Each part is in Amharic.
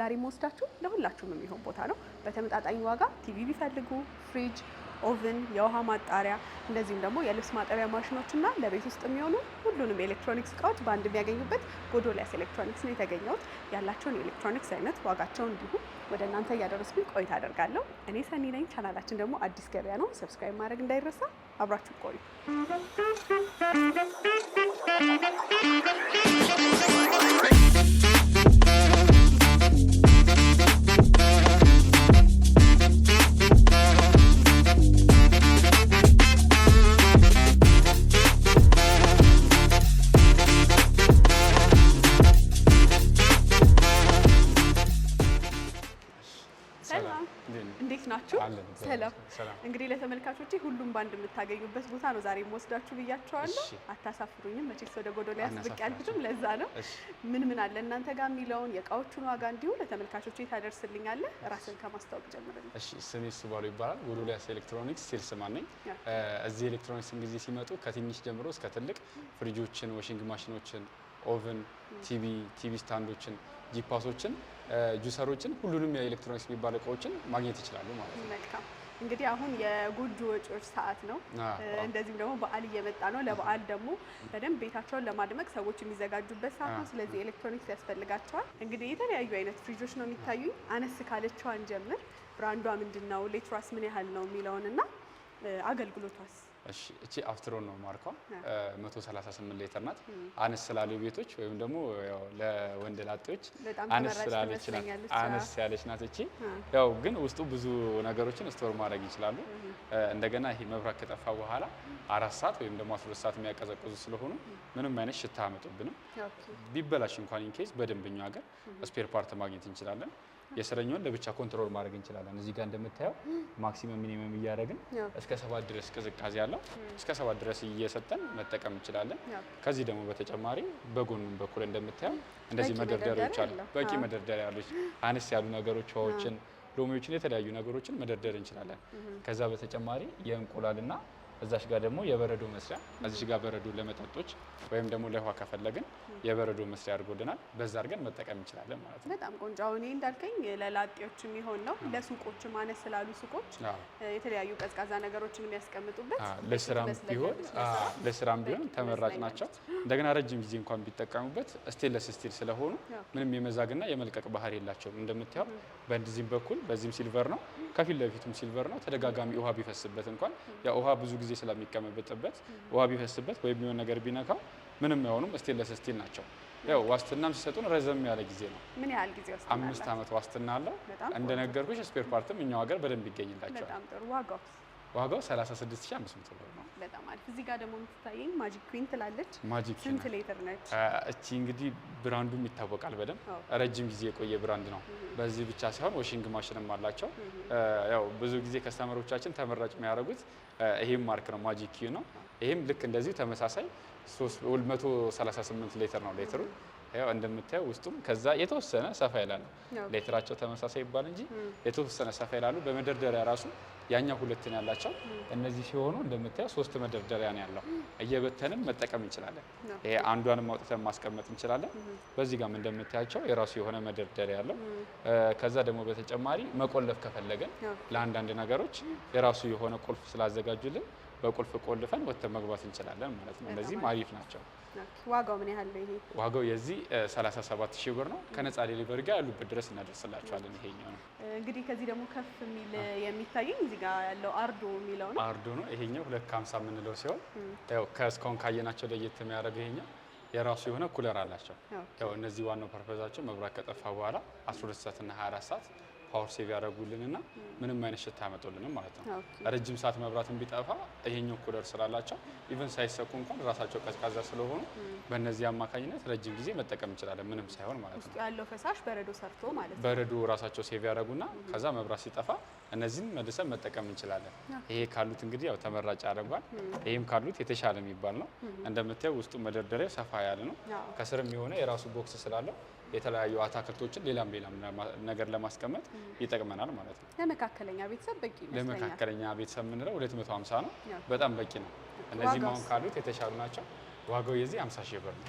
ዛሬ መወስዳችሁ ለሁላችሁም የሚሆን ቦታ ነው። በተመጣጣኝ ዋጋ ቲቪ ቢፈልጉ ፍሪጅ፣ ኦቭን፣ የውሃ ማጣሪያ እንደዚሁም ደግሞ የልብስ ማጠቢያ ማሽኖችና ለቤት ውስጥ የሚሆኑ ሁሉንም ኤሌክትሮኒክስ እቃዎች በአንድ የሚያገኙበት ጎዶልያስ ኤሌክትሮኒክስ ነው የተገኘሁት። ያላቸውን የኤሌክትሮኒክስ አይነት ዋጋቸውን እንዲሁ ወደ እናንተ እያደረስኩኝ ቆይታ አደርጋለሁ። እኔ ሰኒ ነኝ። ቻናላችን ደግሞ አዲስ ገበያ ነው። ሰብስክራይብ ማድረግ እንዳይረሳ። አብራችሁ ቆዩ። እንግዲህ ለተመልካቾች ሁሉም ባንድ የምታገኙበት ቦታ ነው ዛሬ ወስዳችሁ ብያቸዋለሁ። አታሳፍሩኝም። መቼስ ወደ ጎዶልያስ ብቅ ያልኩትም ለዛ ነው። ምን ምን አለ እናንተ ጋር የሚለውን የእቃዎቹን ዋጋ እንዲሁ ለተመልካቾች ታደርስልኛለህ። ራስን ከማስታወቅ ጀምርልኝ። እሺ፣ ስሜ ሱባሉ ይባላል። ጎዶሊያስ ኤሌክትሮኒክስ ሴልስማን ነኝ። እዚህ ኤሌክትሮኒክስ እንግዲህ ሲመጡ ከትንሽ ጀምሮ እስከ ትልቅ ፍሪጆችን፣ ዋሽንግ ማሽኖችን፣ ኦቨን፣ ቲቪ ቲቪ ስታንዶችን ጂፓሶችን ጁሰሮችን ሁሉንም የኤሌክትሮኒክስ የሚባሉ እቃዎችን ማግኘት ይችላሉ ማለት ነው። እንግዲህ አሁን የጎጆ ወጪዎች ሰዓት ነው። እንደዚህም ደግሞ በዓል እየመጣ ነው። ለበዓል ደግሞ በደንብ ቤታቸውን ለማድመቅ ሰዎች የሚዘጋጁበት ሰዓት ነው። ስለዚህ ኤሌክትሮኒክስ ያስፈልጋቸዋል። እንግዲህ የተለያዩ አይነት ፍሪጆች ነው የሚታዩኝ። አነስ ካለችዋን ጀምር ብራንዷ ምንድን ነው፣ ሌትሯስ ምን ያህል ነው የሚለውን እና አገልግሎቷስ እሺ እቺ አፍትሮን ነው ማርኳ 138 ሊትር ናት። አነስ ስላሉ ቤቶች ወይም ደግሞ ያው ለወንድ ላጤዎች አነስ ስላለች አነስ ያለች ናት። እቺ ያው ግን ውስጡ ብዙ ነገሮችን ስቶር ማድረግ ይችላሉ። እንደገና ይሄ መብራት ከጠፋ በኋላ አራት ሰዓት ወይም ደግሞ 12 ሰዓት የሚያቀዘቅዙ ስለሆኑ ምንም አይነት ሽታ አመጡብንም ቢበላሽ እንኳን ኢንኬዝ በደንብኛ ሀገር ስፔር ፓርት ማግኘት እንችላለን። የስረኛውን ለብቻ ኮንትሮል ማድረግ እንችላለን። እዚህ ጋር እንደምታየው ማክሲመም ሚኒመም እያደረግን እስከ ሰባት ድረስ ቅዝቃዜ አለው። እስከ ሰባት ድረስ እየሰጠን መጠቀም እንችላለን። ከዚህ ደግሞ በተጨማሪ በጎኑም በኩል እንደምታየው እንደዚህ መደርደሪያዎች አሉ። በቂ መደርደሪያ አለች። አነስ ያሉ ነገሮች ዎችን ሎሚዎችን የተለያዩ ነገሮችን መደርደር እንችላለን። ከዛ በተጨማሪ የእንቁላልና እዛሽ ጋር ደግሞ የበረዶ መስሪያ እዚሽ ጋር በረዶ ለመጠጦች ወይም ደግሞ ለውሃ ከፈለግን የበረዶ መስሪያ አድርጎልናል። በዛ አድርገን መጠቀም እንችላለን ማለት ነው። በጣም ቆንጆ። አሁን ይህ እንዳልከኝ ለላጤዎች የሚሆን ነው። ለሱቆች ማነስ ስላሉ ሱቆች የተለያዩ ቀዝቃዛ ነገሮችን የሚያስቀምጡበት ለስራም ቢሆን ለስራም ቢሆን ተመራጭ ናቸው። እንደገና ረጅም ጊዜ እንኳን ቢጠቀሙበት ስቴንለስ ስቲል ስለሆኑ ምንም የመዛግና የመልቀቅ ባህሪ የላቸውም። እንደምታየው በዚህም በኩል በዚህም ሲልቨር ነው ከፊት ለፊቱም ሲልቨር ነው። ተደጋጋሚ ውሃ ቢፈስበት እንኳን ያ ውሃ ብዙ ጊዜ ስለሚቀመበጥበት ውሃ ቢፈስበት ወይም የሆነ ነገር ቢነካው ምንም አይሆኑም። ስቴንለስ ስቲል ናቸው። ያው ዋስትናም ሲሰጡን ረዘም ያለ ጊዜ ነው። ምን ያህል ጊዜ? አምስት ዓመት ዋስትና አለው። እንደነገርኩሽ ስፔር ፓርትም እኛው ሀገር በደንብ ይገኝላቸዋል። ዋጋው 36500 ብር ነው። በጣም አሪፍ። እዚህ ጋር ደግሞ የምትታየኝ ማጂክ ኩዊን ትላለች። ማጂክ ስንት ሌትር ነች? እቺ እንግዲህ ብራንዱም ይታወቃል በደንብ ረጅም ጊዜ የቆየ ብራንድ ነው። በዚህ ብቻ ሳይሆን ወሽንግ ማሽንም አላቸው። ያው ብዙ ጊዜ ከስተመሮቻችን ተመራጭ የሚያደርጉት ይሄም ማርክ ነው፣ ማጂክ ኩዊን ነው። ይሄም ልክ እንደዚሁ ተመሳሳይ 338 ሌትር ነው ሌትሩ ያው እንደምታየው ውስጡም ከዛ የተወሰነ ሰፋ ይላሉ። ሌትራቸው ተመሳሳይ ይባል እንጂ የተወሰነ ሰፋ ይላሉ። በመደርደሪያ ራሱ ያኛው ሁለት ነው ያላቸው። እነዚህ ሲሆኑ እንደምታየው ሶስት መደርደሪያ ነው ያለው። እየበተንን መጠቀም እንችላለን። ይሄ አንዷንም አውጥተን ማስቀመጥ እንችላለን። በዚህ ጋም እንደምታያቸው የራሱ የሆነ መደርደሪያ ያለው። ከዛ ደግሞ በተጨማሪ መቆለፍ ከፈለገን ለአንዳንድ ነገሮች የራሱ የሆነ ቁልፍ ስላዘጋጁልን በቁልፍ ቆልፈን ወጥተን መግባት እንችላለን ማለት ነው። እነዚህም አሪፍ ናቸው። ዋጋው ምን ያህል ነው? ይሄ ዋጋው የዚህ 37 ሺህ ብር ነው። ከነፃ ዴሊቨሪ ጋር ያሉበት ድረስ እናደርስላቸዋለን። ይሄኛው ነው እንግዲህ። ከዚህ ደግሞ ከፍ የሚል የሚታየኝ እዚህ ጋር ያለው አርዶ የሚለው ነው። አርዶ ነው ይሄኛው 250 የምንለው ሲሆን ያው ከእስካሁን ካየናቸው ለየት የሚያደርገው ይሄኛው የራሱ የሆነ ኩለር አላቸው። ያው እነዚህ ዋናው ፐርፐዛቸው መብራት ከጠፋ በኋላ 12 ሰዓት እና 24 ሰዓት ፓወር ሴቭ ያደርጉልንና ምንም አይነት ሽታ ያመጡልንም ማለት ነው። ረጅም ሰዓት መብራትን ቢጠፋ ይሄኛው ኩለር ስላላቸው ኢቨን ሳይሰኩ እንኳን ራሳቸው ቀዝቃዛ ስለሆኑ በእነዚህ አማካኝነት ረጅም ጊዜ መጠቀም እንችላለን፣ ምንም ሳይሆን ማለት ነው። ያለው ፈሳሽ በረዶ ሰርቶ ማለት ነው። በረዶ ራሳቸው ሴቭ ያደረጉና ከዛ መብራት ሲጠፋ እነዚህን መልሰን መጠቀም እንችላለን። ይሄ ካሉት እንግዲህ ያው ተመራጭ ያደርጓል። ይህም ካሉት የተሻለ የሚባል ነው። እንደምታየው ውስጡ መደርደሪያው ሰፋ ያለ ነው። ከስርም የሆነ የራሱ ቦክስ ስላለው የተለያዩ አታክልቶችን ሌላም ሌላም ነገር ለማስቀመጥ ይጠቅመናል ማለት ነው። ለመካከለኛ ቤተሰብ በቂ ይመስለኛል። ለመካከለኛ ቤተሰብ የምንለው 250 ነው፣ በጣም በቂ ነው። እነዚህ አሁን ካሉት የተሻሉ ናቸው። ዋጋው የዚህ 50 ሺህ ብር ነው።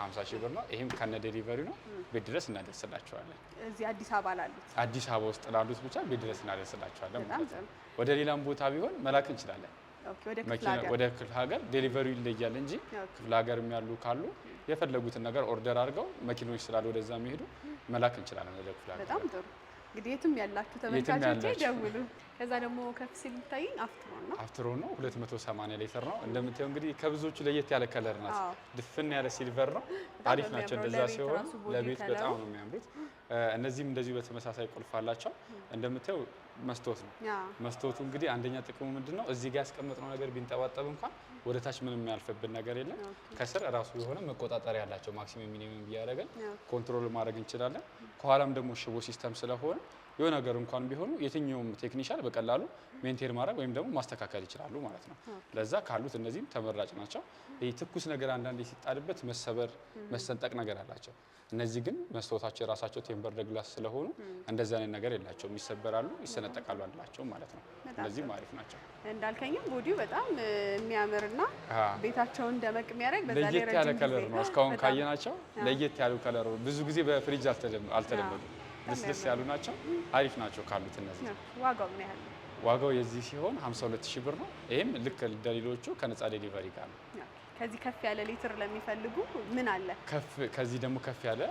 50 ሺህ ብር ነው። ይሄም ከነ ዴሊቨሪ ነው። ቤት ድረስ እናደርስላቸዋለን። እዚህ አዲስ አበባ ላሉት አዲስ አበባ ውስጥ ላሉት ብቻ ቤት ድረስ እናደርስላቸዋለን ማለት ነው። ወደ ሌላም ቦታ ቢሆን መላክ እንችላለን። ወደ ክፍለ ሀገር ዴሊቨሪ ይለያል እንጂ ክፍለ ሀገር ያሉ ካሉ የፈለጉትን ነገር ኦርደር አድርገው መኪኖች ስላሉ ወደዛ የሚሄዱ መላክ እንችላለን ወደ ክፍለ ሀገር። በጣም ጥሩ እንግዲህ የትም ያላችሁ ተመልካቾች ደውሉ። ከዛ ደግሞ ከፍ ሲል ይታይ አፍትሮ ነው አፍትሮ ነው 280 ሊትር ነው እንደምታየው እንግዲህ ከብዙዎቹ ለየት ያለ ከለር ናት። ድፍን ያለ ሲልቨር ነው አሪፍ ናቸው። እንደዛ ሲሆን ለቤት በጣም ነው የሚያምሩት። እነዚህም እንደዚሁ በተመሳሳይ ቁልፍ አላቸው እንደምታየው መስታወት ነው። መስታወቱ እንግዲህ አንደኛ ጥቅሙ ምንድን ነው? እዚህ ጋር ያስቀመጥነው ነገር ቢንጠባጠብ እንኳን ወደ ታች ምንም የሚያልፍብን ነገር የለም። ከስር ራሱ የሆነ መቆጣጠሪያ ያላቸው ማክሲመም ሚኒመም እያደረገን ኮንትሮል ማድረግ እንችላለን። ከኋላም ደግሞ ሽቦ ሲስተም ስለሆነ የሆነ ነገር እንኳን ቢሆኑ የትኛውም ቴክኒሻል በቀላሉ ሜንቴን ማድረግ ወይም ደግሞ ማስተካከል ይችላሉ ማለት ነው። ለዛ ካሉት እነዚህም ተመራጭ ናቸው። ትኩስ ነገር አንዳንዴ ሲጣልበት መሰበር፣ መሰንጠቅ ነገር አላቸው። እነዚህ ግን መስታወታቸው የራሳቸው ቴምበር ደግላስ ስለሆኑ እንደዚህ አይነት ነገር የላቸውም። ይሰበራሉ፣ ይሰነጠቃሉ አንላቸውም ማለት ነው። እነዚህም አሪፍ ናቸው። እንዳልከኝም ቦዲው በጣም የሚያምርና ቤታቸውን ደመቅ የሚያደርግ ለየት ያለ ከለር ነው። እስካሁን ካየናቸው ለየት ያሉ ከለር ብዙ ጊዜ በፍሪጅ አልተለመዱ ልስልስ ያሉ ናቸው። አሪፍ ናቸው ካሉት እነዚህ። ዋጋው ምን ያህል ነው? ዋጋው የዚህ ሲሆን 52 ሺህ ብር ነው። ይህም ልክ እንደሌሎቹ ከነጻ ዴሊቨሪ ጋር ነው። ከዚህ ከፍ ያለ ሊትር ለሚፈልጉ ምን አለ? ከዚህ ደግሞ ከፍ ያለ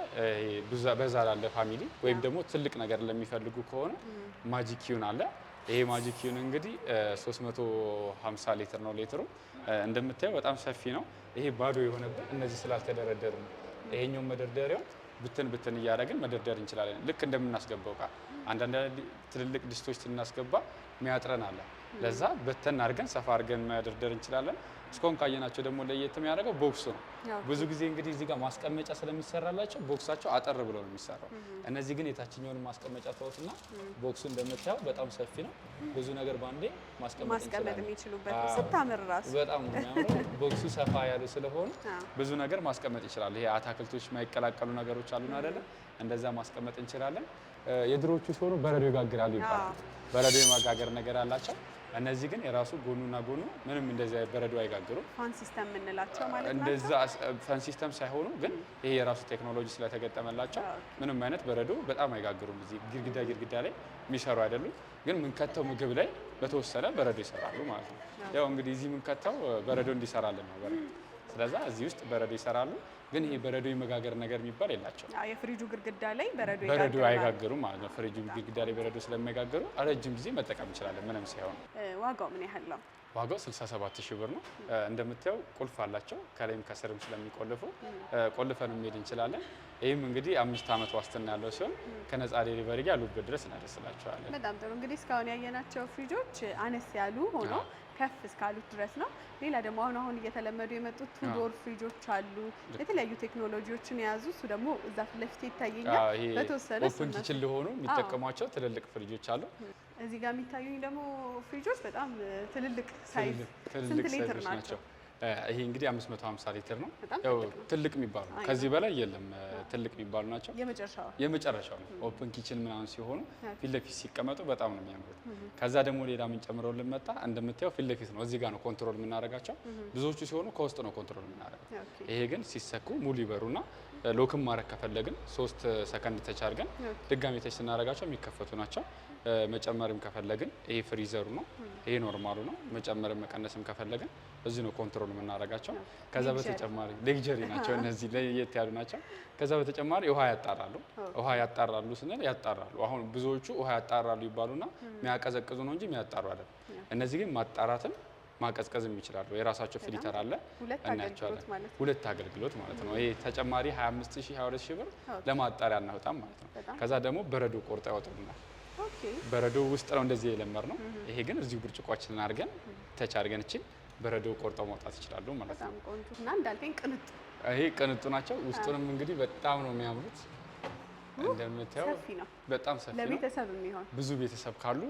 በዛ ላለ ፋሚሊ ወይም ደግሞ ትልቅ ነገር ለሚፈልጉ ከሆነ ማጂኪዩን አለ። ይሄ ማጂኪዩን እንግዲህ 350 ሊትር ነው ሊትሩ። እንደምታየው በጣም ሰፊ ነው። ይሄ ባዶ የሆነበት እነዚህ ስላልተደረደሩ ነው። ይሄኛው መደርደሪያው ብትን ብትን እያደረግን መደርደር እንችላለን። ልክ እንደምናስገባው እቃ አንዳንድ ትልልቅ ድስቶች ስናስገባ ሚያጥረን አለ ለዛ በተን አድርገን ሰፋ አድርገን መደርደር እንችላለን። እስካሁን ካየናቸው ደግሞ ለየት የሚያደርገው ቦክሱ ነው። ብዙ ጊዜ እንግዲህ እዚህ ጋር ማስቀመጫ ስለሚሰራላቸው ቦክሳቸው አጠር ብሎ ነው የሚሰራው። እነዚህ ግን የታችኛውን ማስቀመጫ ተውትና ቦክሱ እንደምታየው በጣም ሰፊ ነው። ብዙ ነገር በአንዴ ማስቀመጥ የሚችሉበት ስታምር ራሱ በጣም ቦክሱ ሰፋ ያሉ ስለሆኑ ብዙ ነገር ማስቀመጥ ይችላል። ይሄ አታክልቶች የማይቀላቀሉ ነገሮች አሉን አይደለም፣ እንደዛ ማስቀመጥ እንችላለን። የድሮቹ ሲሆኑ በረዶ ይጋግራሉ ይባላል። በረዶ የመጋገር ነገር አላቸው። እነዚህ ግን የራሱ ጎኑና ጎኑ ምንም እንደዚ በረዶ አይጋግሩም። ፋን ሲስተም የምንላቸው ማለት ነው። እንደዛ ፋን ሲስተም ሳይሆኑ ግን ይሄ የራሱ ቴክኖሎጂ ስለተገጠመላቸው ምንም አይነት በረዶ በጣም አይጋግሩም። እዚህ ግድግዳ ግድግዳ ላይ የሚሰሩ አይደሉም። ግን ምንከተው ምግብ ላይ በተወሰነ በረዶ ይሰራሉ ማለት ነው። ያው እንግዲህ እዚህ ምንከተው በረዶ እንዲሰራልን ነው። ስለዛ እዚህ ውስጥ በረዶ ይሰራሉ፣ ግን ይሄ በረዶ የመጋገር ነገር የሚባል የላቸው። የፍሪጁ ግድግዳ ላይ በረዶ አይጋገሩ ማለት ነው። ፍሪጁ ግድግዳ ላይ በረዶ ስለማይጋገሩ ረጅም ጊዜ መጠቀም እንችላለን። ምንም ሲሆን ዋጋው ምን ያህል ነው? ዋጋው 67 ሺህ ብር ነው። እንደምታየው ቁልፍ አላቸው ከላይም ከስርም ስለሚቆልፉ ቆልፈን መሄድ እንችላለን። ይህም እንግዲህ አምስት ዓመት ዋስትና ያለው ሲሆን ከነጻ ዴሊቨሪ ጋር ያሉበት ድረስ እናደርስላቸዋለን። በጣም ጥሩ እንግዲህ እስካሁን ያየናቸው ፍሪጆች አነስ ያሉ ሆኖ ከፍ እስካሉት ድረስ ነው። ሌላ ደግሞ አሁን አሁን እየተለመዱ የመጡት ቱዶር ፍሪጆች አሉ የተለያዩ ቴክኖሎጂዎችን የያዙ እሱ ደግሞ እዛ ፊት ለፊት ይታየኛል። በተወሰነ ኦፕን ኪችን ሊሆኑ የሚጠቀሟቸው ትልልቅ ፍሪጆች አሉ። እዚህ ጋር የሚታዩኝ ደግሞ ፍሪጆች በጣም ትልልቅ ሳይዝ ስንት ሊትር ናቸው? ይሄ እንግዲህ 550 ሊትር ነው። ያው ትልቅ የሚባሉ ከዚህ በላይ የለም ትልቅ የሚባሉ ናቸው። የመጨረሻው ነው። ኦፕን ኪችን ምናምን ሲሆኑ ፊት ለፊት ሲቀመጡ በጣም ነው የሚያምሩት። ከዛ ደግሞ ሌላ ምን ጨምረው ልንመጣ እንደምታየው ፊት ለፊት ነው። እዚህ ጋር ነው ኮንትሮል የምናደርጋቸው። ብዙዎቹ ሲሆኑ ከውስጥ ነው ኮንትሮል የምናደርገው። ይሄ ግን ሲሰኩ ሙሉ ይበሩና ሎክም ማድረግ ከፈለግን ሶስት ሰከንድ ተቻልገን አድርገን ድጋሚ ተች ስናደርጋቸው የሚከፈቱ ናቸው። መጨመርም ከፈለግን ይሄ ፍሪዘሩ ነው። ይሄ ኖርማሉ ነው። መጨመርም መቀነስም ከፈለግን እዚህ ነው ኮንትሮል የምናደርጋቸው። ከዛ በተጨማሪ ሌክጀሪ ናቸው እነዚህ ለየት ያሉ ናቸው። ከዛ በተጨማሪ ውሃ ያጣራሉ። ውሃ ያጣራሉ ስንል ያጣራሉ። አሁን ብዙዎቹ ውሃ ያጣራሉ ይባሉና የሚያቀዘቅዙ ነው እንጂ የሚያጣሩ አይደለም። እነዚህ ግን ማጣራትም ማቀዝቀዝም ይችላሉ። የራሳቸው ፊልተር አለ፣ እናያቸዋለን። ሁለት አገልግሎት ማለት ነው። ይሄ ተጨማሪ 25 ሺህ 22 ሺህ ብር ለማጣሪያ እናወጣም ማለት ነው። ከዛ ደግሞ በረዶ ቆርጠ ያወጡልናል። በረዶ ውስጥ ነው እንደዚህ የለመር ነው። ይሄ ግን እዚሁ ብርጭቋችንን አድርገን ተቻርገን እችል በረዶ ቆርጠው ማውጣት ይችላሉ ማለት ነው። እና እንዳልከኝ ቅንጡ ይሄ ቅንጡ ናቸው። ውስጡንም እንግዲህ በጣም ነው የሚያምሩት። እንደምታየው በጣም ሰፊ ነው። ለቤተሰብ የሚሆን ብዙ ቤተሰብ ካሉ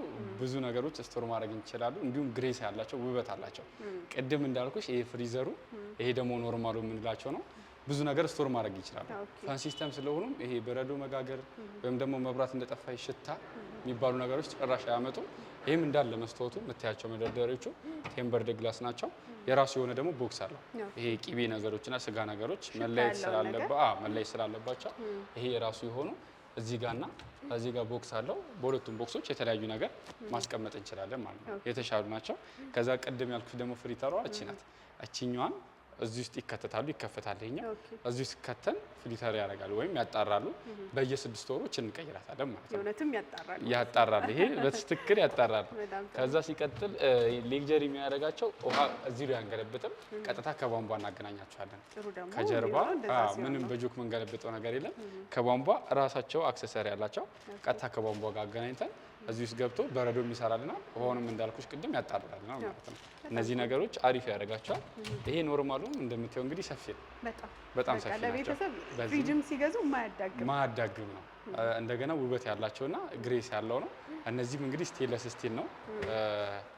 ብዙ ነገሮች ስቶር ማድረግ እንችላሉ። እንዲሁም ግሬስ ያላቸው ውበት አላቸው። ቅድም እንዳልኩሽ ይሄ ፍሪዘሩ፣ ይሄ ደግሞ ኖርማሉ የምንላቸው ነው። ብዙ ነገር ስቶር ማድረግ ይችላሉ። ፋን ሲስተም ስለሆኑም ይሄ በረዶ መጋገር ወይም ደግሞ መብራት እንደጠፋ ሽታ የሚባሉ ነገሮች ጭራሽ አያመጡም። ይህም እንዳለ መስታወቱ የምታያቸው መደርደሪዎቹ ቴምበርድ ግላስ ናቸው። የራሱ የሆነ ደግሞ ቦክስ አለው። ይሄ ቂቤ ነገሮችና ስጋ ነገሮች መለየት ስላለባቸው ይሄ የራሱ የሆኑ እዚህ ጋርና እዚህ ጋር ቦክስ አለው። በሁለቱም ቦክሶች የተለያዩ ነገር ማስቀመጥ እንችላለን ማለት ነው። የተሻሉ ናቸው። ከዛ ቅድም ያልኩት ደግሞ ፍሪተሯ እቺ ናት። እቺኛዋን እዚህ ውስጥ ይከተታሉ፣ ይከፈታል። ይሄኛው እዚህ ውስጥ ከተን ፊልተር ያደርጋሉ ወይም ያጣራሉ። በየስድስት ወሮች እንቀይራታለን ማለት ነው። እውነትም ያጣራሉ፣ ያጣራሉ። ይሄ በትክክል ያጣራሉ። ከዛ ሲቀጥል ሌክጀሪ የሚያደርጋቸው ውሃ እዚህ ላይ አንገለብጥም፣ ቀጥታ ከቧንቧ እናገናኛቸዋለን። ከጀርባ ምንም በጆክ የምንገለብጠው ነገር የለም። ከቧንቧ ራሳቸው አክሰሰሪ ያላቸው ቀጥታ ከቧንቧ ጋር አገናኝተን እዚህ ውስጥ ገብቶ በረዶም ይሰራልናል ውሃውንም እንዳልኩሽ ቅድም ያጣራልና ማለት ነው። እነዚህ ነገሮች አሪፍ ያደርጋቸዋል። ይሄ ኖርማሉም እንደምታየው እንግዲህ ሰፊ ነው፣ በጣም ሰፊ ነው። ፍሪጅም ሲገዙ ማያዳግም ነው። እንደገና ውበት ያላቸውና ግሬስ ያለው ነው። እነዚህም እንግዲህ ስቴንለስ ስቲል ነው፣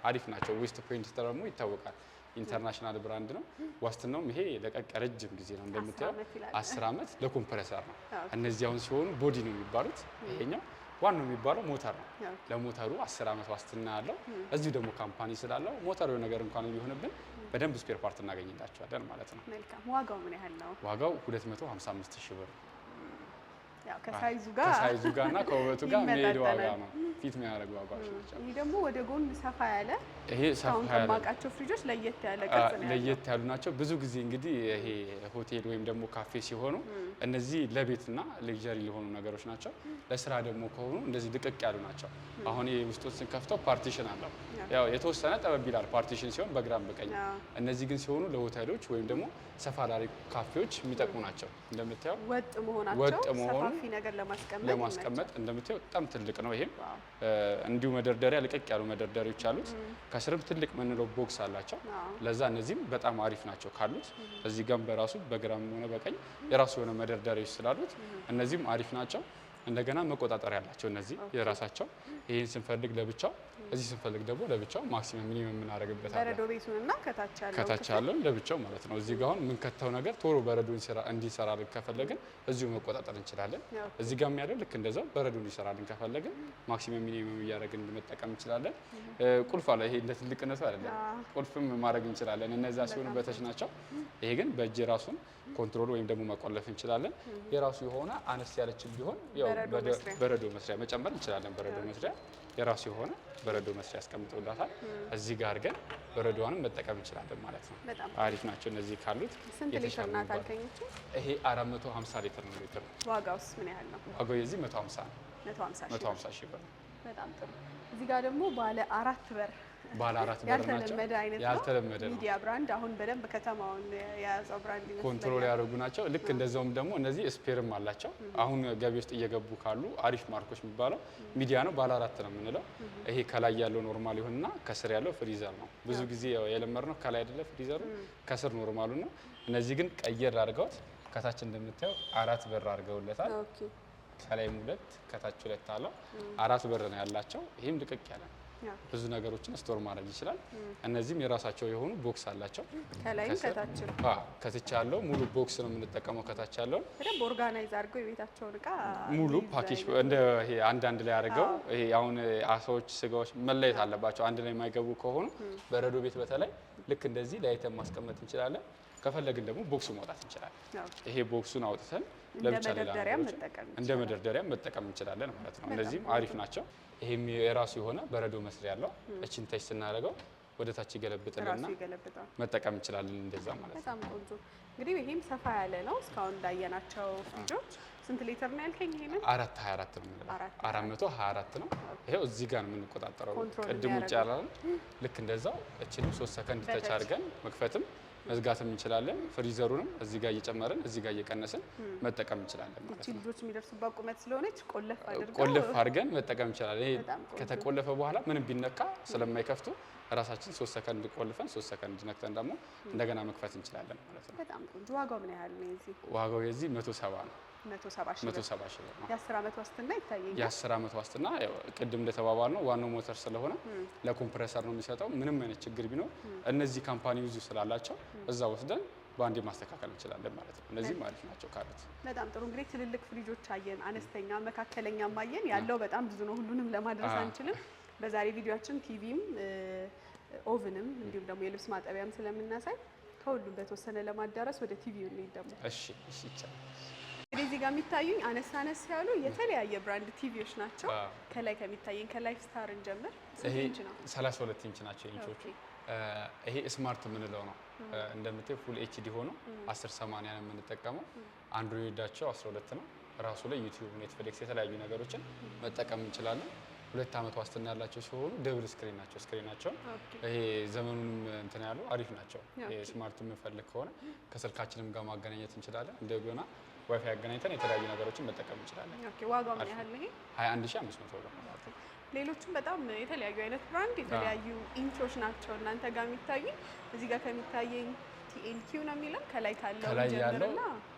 አሪፍ ናቸው። ዌስት ፖይንት ደግሞ ይታወቃል፣ ኢንተርናሽናል ብራንድ ነው። ዋስትናውም ይሄ ለቀቀ ረጅም ጊዜ ነው፣ እንደምታየው አስር ዓመት ለኮምፕረሰር ነው። እነዚህ አሁን ሲሆኑ ቦዲ ነው የሚባሉት ይሄኛው ዋናው የሚባለው ሞተር ነው። ለሞተሩ አስር ዓመት ዋስትና ያለው እዚሁ ደግሞ ካምፓኒ ስላለው ሞተሩ ነገር እንኳን ቢሆንብን በደንብ ስፔር ፓርት እናገኝላቸዋለን ማለት ነው። ዋጋው ምን ያህል ነው? ዋጋው 255 ሺህ ብር ከሳይዙ ጋር እና ከውበቱ ጋር መሄድ ዋጋ ነው ፊት የሚያደርግ ዋጋዎች ናቸው። ይህ ደግሞ ወደ ጎን ሰፋ ያለ ይሄ ሰፋ ያለባቸው ፍሪጆች ለየት ያለ ለየት ያሉ ናቸው። ብዙ ጊዜ እንግዲህ ይሄ ሆቴል ወይም ደግሞ ካፌ ሲሆኑ እነዚህ ለቤትና ለግዠሪ የሆኑ ነገሮች ናቸው። ለስራ ደግሞ ከሆኑ እንደዚህ ልቅቅ ያሉ ናቸው። አሁን ይሄ ውስጡን ስንከፍተው ፓርቲሽን አለው። ያው የተወሰነ ጠበብ ይላል ፓርቲሽን ሲሆን በግራም በቀኝ። እነዚህ ግን ሲሆኑ ለሆቴሎች ወይም ደግሞ ሰፋ ላሪ ካፌዎች የሚጠቅሙ ናቸው። እንደምታየው ወጥ መሆናቸው ሰፊ ነገር ለማስቀመጥ ለማስቀመጥ እንደምታየው በጣም ትልቅ ነው። ይሄም እንዲሁ መደርደሪያ ልቀቅ ያሉ መደርደሪያዎች አሉት። ከስርም ትልቅ ምንለው ቦክስ አላቸው። ለዛ እነዚህም በጣም አሪፍ ናቸው ካሉት። እዚህ ጋም በራሱ በግራም ሆነ በቀኝ የራሱ የሆነ መደርደሪያዎች ስላሉት እነዚህም አሪፍ ናቸው። እንደገና መቆጣጠሪያ አላቸው እነዚህ የራሳቸው ይህን ስንፈልግ ለብቻው እዚህ ስንፈልግ ደግሞ ለብቻው ማክሲመም ሚኒመም የምናደርግበት በረዶ ቤቱንና ከታች ያለውን ለብቻው ማለት ነው። እዚህ ጋር አሁን የምንከተው ነገር ቶሎ በረዶ እንዲሰራልን ከፈለግን እዚሁ መቆጣጠር እንችላለን። እዚህ ጋር የሚያደርግ ልክ እንደዛው በረዶ እንዲሰራልን ከፈለግን ማክሲመም ሚኒመም እያደረግን መጠቀም እንችላለን። ቁልፍ አለ። ይሄ እንደ ትልቅነቱ አይደለም፣ ቁልፍም ማድረግ እንችላለን። እነዛ ሲሆኑ በተች ናቸው። ይሄ ግን በእጅ ራሱን ኮንትሮል ወይም ደግሞ መቆለፍ እንችላለን። የራሱ የሆነ አነስ ያለችን ቢሆን በረዶ መስሪያ መጨመር እንችላለን። በረዶ መስሪያ የራሱ የሆነ በረዶ መስሪያ ያስቀምጠውላታል። እዚህ ጋር ግን በረዶዋንም መጠቀም እንችላለን ማለት ነው። አሪፍ ናቸው እነዚህ ካሉት። ስንት ሊትር ናት አልከኝች? ይሄ 450 ሊትር ነው። ሊትር ዋጋውስ ምን ያህል ነው? ዋጋው የዚህ 150 ነው። 150 ሺህ ብር። በጣም ጥሩ። እዚህ ጋር ደግሞ ባለ አራት በር ባለ አራት በር ናቸው። ያልተለመደ ሚዲያ ብራንድ አሁን በደንብ ከተማውን የያዘው ብራንድ ኮንትሮል ያደረጉ ናቸው። ልክ እንደዛውም ደግሞ እነዚህ ስፔርም አላቸው። አሁን ገቢ ውስጥ እየገቡ ካሉ አሪፍ ማርኮች የሚባለው ሚዲያ ነው። ባለ አራት ነው የምንለው። ይሄ ከላይ ያለው ኖርማል ይሆንና ከስር ያለው ፍሪዘር ነው። ብዙ ጊዜ የለመድ ነው። ከላይ አይደለ ፍሪዘሩ፣ ከስር ኖርማሉ ነው። እነዚህ ግን ቀየር አድርገውት ከታች እንደምታየው አራት በር አድርገውለታል። ከላይም ሁለት ከታች ሁለት አለው። አራት በር ነው ያላቸው። ይህም ልቅቅ ያለ ነው። ብዙ ነገሮችን ስቶር ማድረግ ይችላል። እነዚህም የራሳቸው የሆኑ ቦክስ አላቸው። ከላይም ከትቻ ያለው ሙሉ ቦክስ ነው የምንጠቀመው። ከታች ያለውን በደንብ ኦርጋናይዝ አድርገው የቤታቸውን እቃ ሙሉ ፓኬጅ እንደ ይሄ አንዳንድ ላይ አድርገው ይሄ አሁን አሳዎች፣ ስጋዎች መለየት አለባቸው። አንድ ላይ የማይገቡ ከሆኑ በረዶ ቤት በተለይ ልክ እንደዚህ ለይተን ማስቀመጥ እንችላለን። ከፈለግን ደግሞ ቦክሱ ማውጣት እንችላለን። ይሄ ቦክሱን አውጥተን ለብቻ እንደ መደርደሪያ መጠቀም እንችላለን ማለት ነው። እነዚህም አሪፍ ናቸው። ይሄም የራሱ የሆነ በረዶ መስሪያ ያለው እችን ተች ስናደርገው ወደ ታች ይገለብጥልና መጠቀም እንችላለን። እንደዛ ማለት ነው። በጣም ቆንጆ እንግዲህ ይሄም ሰፋ ያለ ነው። እስካሁን እንዳየናቸው ፍሪጆች ስንት ሊትር ነው ያልከኝ? ይሄንን አራት ሀያ አራት ነው አራት መቶ ሀያ አራት ነው። ይሄው እዚህ ጋር ነው የምንቆጣጠረው። ቅድም ውጭ ያላለን ልክ እንደዛው እችንም ሶስት ሰከንድ ተች አድርገን መክፈትም መዝጋትም እንችላለን። ፍሪዘሩንም እዚህ ጋር እየጨመርን እዚህ ጋር እየቀነስን መጠቀም እንችላለን ማለት ነው። ልጆች የሚደርሱባት ቁመት ስለሆነች ቆለፍ አድርገን መጠቀም እንችላለን። ይሄ ከተቆለፈ በኋላ ምንም ቢነካ ስለማይከፍቱ ራሳችን ሶስት ሰከንድ ቆልፈን ሶስት ሰከንድ ነክተን ደግሞ እንደገና መክፈት እንችላለን ማለት ነው። በጣም ቆንጆ። ዋጋው ምን ያህል ነው? ዋጋው የዚህ መቶ ሰባ ነው። 170 ሺህ ብር ነው። የአስር ዓመት ዋስትና ይታየኛል። የአስር ዓመት ዋስትና ቅድም እንደተባባል ነው ዋናው ሞተር ስለሆነ ለኮምፕረሰር ነው የሚሰጠው። ምንም አይነት ችግር ቢኖር እነዚህ ካምፓኒ ዩዝ ስላላቸው እዛ ወስደን በአንዴ ማስተካከል እንችላለን ማለት ነው። እነዚህም አሪፍ ናቸው። ካሉት በጣም ጥሩ እንግዲህ ትልልቅ ፍሪጆች አየን፣ አነስተኛ መካከለኛም አየን። ያለው በጣም ብዙ ነው። ሁሉንም ለማድረስ አንችልም። በዛሬ ቪዲዮችን ቲቪም ኦቭንም እንዲሁም ደግሞ የልብስ ማጠቢያም ስለምናሳይ ከሁሉም በተወሰነ ለማዳረስ ወደ ቲቪው እንሂድ ደግሞ። እሺ፣ እሺ፣ ይቻላል። እዚህ ጋር የሚታዩኝ አነስ አነስ ያሉ የተለያየ ብራንድ ቲቪዎች ናቸው። ከላይ ከሚታየኝ ከላይፍ ስታር እንጀምር። ይሄ 32 ኢንች ናቸው ኢንቾቹ። ይሄ ስማርት የምንለው ነው። እንደምታየው ፉል ኤችዲ ሆኖ 1080 ነው የምንጠቀመው። አንድሮይዳቸው 12 ነው። ራሱ ላይ ዩቲዩብ፣ ኔትፍሊክስ የተለያዩ ነገሮችን መጠቀም እንችላለን። ሁለት ዓመት ዋስትና ያላቸው ሲሆኑ ደብል ስክሪን ናቸው። ናቸው። ይሄ ዘመኑንም እንትን ያሉ አሪፍ ናቸው። ስማርት የምንፈልግ ከሆነ ከስልካችንም ጋር ማገናኘት እንችላለን እንደገና ዋይፋይ አገናኝተን የተለያዩ ነገሮችን መጠቀም እንችላለን። ዋጋ ምን ያህል ነው? 21500 ብር። ሌሎችም በጣም የተለያዩ አይነት ብራንድ የተለያዩ ኢንቾች ናቸው እናንተ ጋር የሚታዩ እዚህ ጋር ከሚታየኝ ቲኤንኪው ነው የሚለው ከላይ ካለው ከላይ ያለው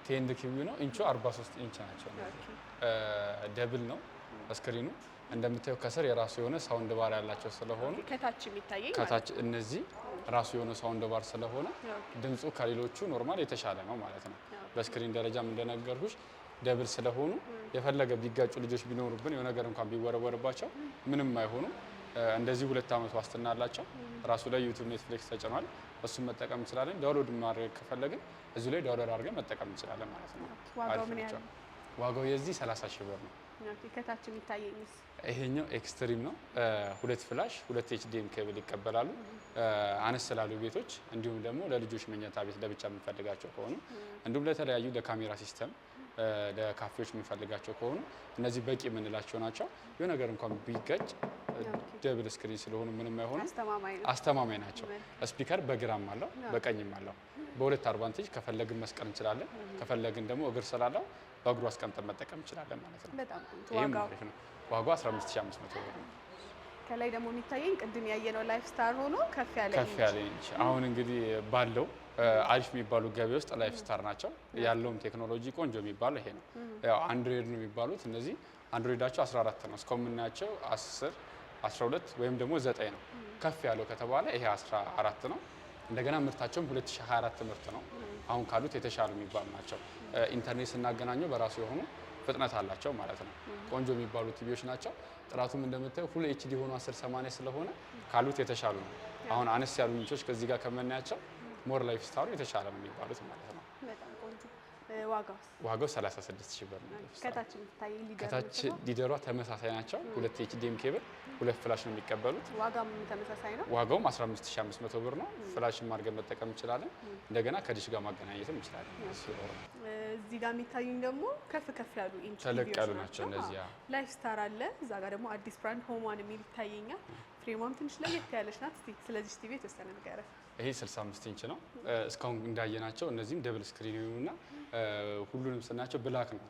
ቲኤንኪው ነው። ኢንቹ 43 ኢንች ናቸው። ደብል ነው ስክሪኑ እንደምታየው ከስር የራሱ የሆነ ሳውንድ ባር ያላቸው ስለሆኑ ከታች የሚታየኝ ከታች እነዚህ ራሱ የሆነ ሳውንድ ባር ስለሆነ ድምፁ ከሌሎቹ ኖርማል የተሻለ ነው ማለት ነው። በስክሪን ደረጃም እንደነገርኩሽ ደብል ስለሆኑ የፈለገ ቢጋጩ ልጆች ቢኖሩብን የሆነ ነገር እንኳን ቢወረወርባቸው ምንም አይሆኑም። እንደዚህ ሁለት ዓመት ዋስትና አላቸው። ራሱ ላይ ዩቱብ ኔትፍሊክስ ተጭኗል። እሱን መጠቀም እንችላለን። ዳውንሎድ ማድረግ ከፈለግን እዚሁ ላይ ዳውንሎድ አድርገን መጠቀም እንችላለን ማለት ነው። ዋጋው የዚህ 30 ሺህ ብር ነው። ከታች የሚታየኝስ ይሄኛው ኤክስትሪም ነው። ሁለት ፍላሽ ሁለት ኤችዲኤም ኬብል ይቀበላሉ። አነስ ስላሉ ቤቶች እንዲሁም ደግሞ ለልጆች መኝታ ቤት ለብቻ የምንፈልጋቸው ከሆኑ እንዲሁም ለተለያዩ ለካሜራ ሲስተም ለካፌዎች የምንፈልጋቸው ከሆኑ እነዚህ በቂ የምንላቸው ናቸው። የሆነ ነገር እንኳን ቢገጭ ደብል ስክሪን ስለሆኑ ምንም አይሆኑ አስተማማኝ ናቸው። ስፒከር በግራም አለው በቀኝም አለው። በሁለት አድቫንቴጅ ከፈለግን መስቀል እንችላለን፣ ከፈለግን ደግሞ እግር ስላለው በእግሩ አስቀምጠን መጠቀም እንችላለን ማለት ነው። በጣም ዋጋው 15500 ብር ነው። ከላይ ደግሞ የሚታየኝ ቅድም ያየነው ላይፍ ስታር ሆኖ ከፍ ያለ ከፍ ያለ አሁን እንግዲህ ባለው አሪፍ የሚባሉ ገቢ ውስጥ ላይፍ ስታር ናቸው። ያለውም ቴክኖሎጂ ቆንጆ የሚባለው ይሄ ነው። ያው አንድሮይድ ነው የሚባሉት እነዚህ አንድሮይዳቸው 14 ነው። እስከምናያቸው 10፣ 12 ወይም ደግሞ 9 ነው። ከፍ ያለው ከተባለ ይሄ 14 ነው። እንደገና ምርታቸውም 2024 ምርት ነው። አሁን ካሉት የተሻሉ የሚባሉ ናቸው። ኢንተርኔት ስናገናኘው በራሱ የሆኑ ፍጥነት አላቸው ማለት ነው። ቆንጆ የሚባሉ ቲቪዎች ናቸው። ጥራቱም እንደምታየው ሁሉ ኤችዲ ሆኖ 10 80 ስለሆነ ካሉት የተሻሉ ነው። አሁን አነስ ያሉ ምንጮች ከዚህ ጋር ከምናያቸው ሞር ላይፍ ስታሩ የተሻለ ነው የሚባሉት ማለት ነው። ዋጋው 36 ሺህ ብር ነው። ከታች ሊደሯ ተመሳሳይ ናቸው። ሁለት ኤችዲኤም ኬብል፣ ሁለት ፍላሽ ነው የሚቀበሉት። ዋጋውም 15500 ብር ነው። ፍላሽም አድርገን መጠቀም እንችላለን። እንደገና ከዲሽ ጋር ማገናኘትም እንችላለን። እዚህ ጋር የሚታዩኝ ደግሞ ከፍ ከፍ ያሉ ተለቅ ያሉ ናቸው። እነዚያ ላይፍ ስታር አለ። እዛ ጋር ደግሞ አዲስ ብራንድ ሆሟን የሚል ይታየኛል። ፍሬሟም ትንሽ ለየት ያለች ናት። ስለዚህ ቲቪ የተወሰነ ንገረን። ይሄ 65 ኢንች ነው። እስካሁን እንዳየናቸው እነዚህም ደብል ስክሪን እና ሁሉንም ስናቸው ብላክ ነው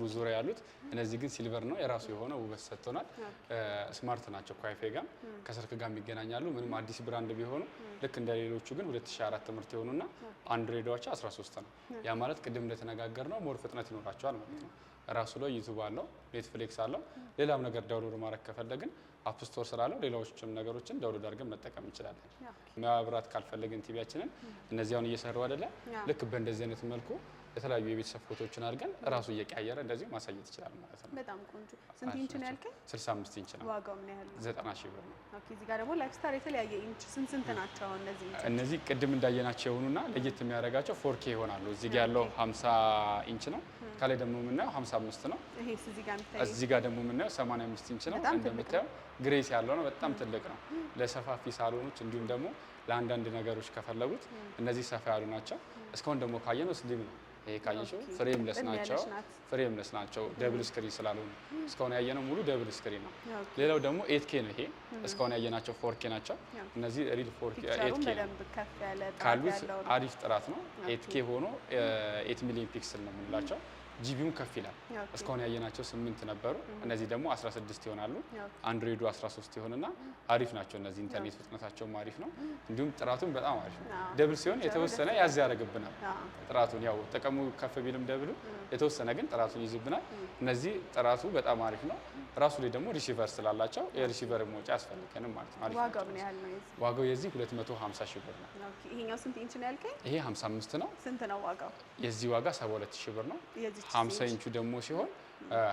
ሙሉ ዙሪያ ያሉት። እነዚህ ግን ሲልቨር ነው። የራሱ የሆነ ውበት ሰጥቶናል። ስማርት ናቸው። ኳይፌ ጋም ከስልክ ጋም ይገናኛሉ። ምንም አዲስ ብራንድ ቢሆኑ ልክ እንደ ሌሎቹ ግን 2004 ምርት የሆኑና አንድሮይዳቸው 13 ነው። ያ ማለት ቅድም እንደተነጋገር ነው ሞር ፍጥነት ይኖራቸዋል ማለት ነው። ራሱ ላይ ዩቱብ አለው፣ ኔትፍሊክስ አለው። ሌላም ነገር ዳውንሎድ ማድረግ ከፈለግን አፕ ስቶር ስላለው ሌላዎችም ነገሮችን ዳውንሎድ አድርገን መጠቀም እንችላለን። መብራት ካልፈለግን ቲቪያችንን እነዚያውን እየሰሩ አይደለ ልክ በእንደዚህ አይነት መልኩ የተለያዩ የቤተሰብ ፎቶዎችን አድርገን ራሱ እየቀያየረ እንደዚሁ ማሳየት ይችላል ማለት ነው። በጣም ቆንጆ። ስንት ኢንች ነው ያልከኝ? 65 ኢንች ነው። ዋጋው ምን ያህል 90 ሺህ ብር ነው። ኦኬ። እዚህ ጋር ደግሞ ላይፍ ስታይል የተለያየ ኢንች ስንት ስንት ናቸው እነዚህ? እነዚህ ቅድም እንዳየናቸው የሆኑና ለየት የሚያደርጋቸው ፎርኬ ይሆናሉ። እዚህ ጋር ያለው 50 ኢንች ነው። ከላይ ደግሞ የምናየው 55 ነው። ይሄስ እዚህ ጋር የምታየው? እዚህ ጋር ደግሞ የምናየው 85 ኢንች ነው። እንደምታየው ግሬስ ያለው ነው። በጣም ትልቅ ነው ለሰፋፊ ሳሎኖች እንዲሁም ደግሞ ለአንዳንድ ነገሮች ከፈለጉት እነዚህ ሰፋ ያሉ ናቸው። እስካሁን ደግሞ ካየነው ስሊም ነው ይሄ ካየሽው ፍሬምለስ ናቸው። ፍሬምለስ ናቸው ደብል ስክሪን ስላልሆኑ እስካሁን ያየነው ሙሉ ደብል ስክሪን ነው። ሌላው ደግሞ ኤት ኬ ነው። ይሄ እስካሁን ያየናቸው ፎር ኬ ናቸው። እነዚህ ሪል ፎር ኬ ኤት ኬ ካሉት አሪፍ ጥራት ነው። ኤት ኬ ሆኖ ኤት ሚሊዮን ፒክስል ነው የምንላቸው ጂቢውም ከፍ ይላል። እስካሁን ያየናቸው ስምንት ነበሩ። እነዚህ ደግሞ 16 ይሆናሉ። አንድሮይዱ 13 ይሆንና አሪፍ ናቸው። እነዚህ ኢንተርኔት ፍጥነታቸውም አሪፍ ነው፣ እንዲሁም ጥራቱም በጣም አሪፍ ነው። ደብል ሲሆን የተወሰነ ያዝ ያደርግብናል ጥራቱን። ያው ጥቅሙ ከፍ ቢልም ደብሉ የተወሰነ ግን ጥራቱን ይዝብናል። እነዚህ ጥራቱ በጣም አሪፍ ነው። ራሱ ላይ ደግሞ ሪሲቨር ስላላቸው የሪሲቨር መውጫ ያስፈልገንም ማለት ነው። ዋጋው የዚህ 250 ሺህ ብር ነው። ይሄኛው ስንት ኢንች ነው ያልከኝ? ይሄ 55 ነው። ስንት ነው ዋጋው? የዚህ ዋጋ 72 ሺህ ብር ነው። 50 ኢንቹ ደግሞ ሲሆን